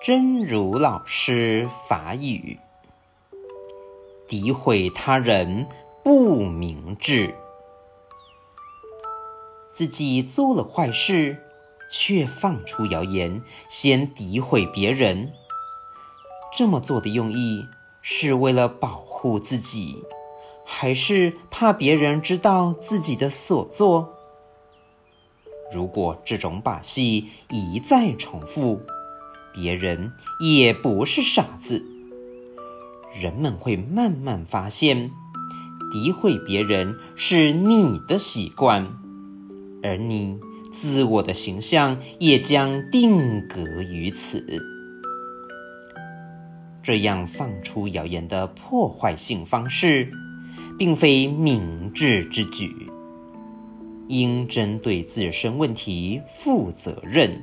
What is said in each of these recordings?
真如老師法語，詆毀他人不明智。自己做了壞事，卻放出謠言，先詆毀別人。這麼做的用意，是為了保護自己，還是怕別人知道自己的所作？如果這種把戲一再重複，別人也不是傻子，人們會慢慢發現，詆毀別人是你的習慣，而你自我的形象也將定格於此。這樣放出謠言的破壞性方式，並非明智之舉，應針對自身問題負責任。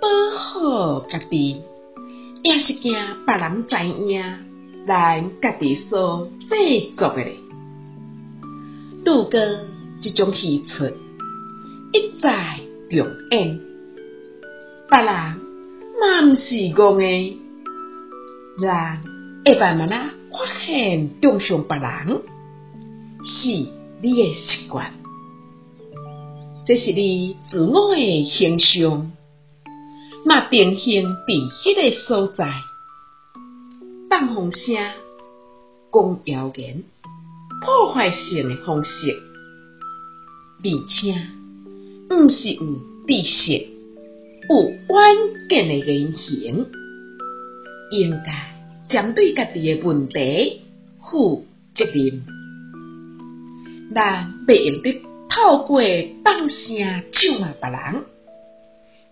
保護家己，也是驚別人知影咱家己所製作個嘞。度過即種戲出一再重演，別人萬不是講個，咱會慢慢仔發現中傷別人，是你的習慣，這是你自我個形象。嘛，定型佇迄個所在，放風聲、講謠言、破壞性誒方式，而且毋、嗯、是有意識、有遠見誒言行，應該針對家己誒問題負責任，但袂用得透過放聲咒罵別人。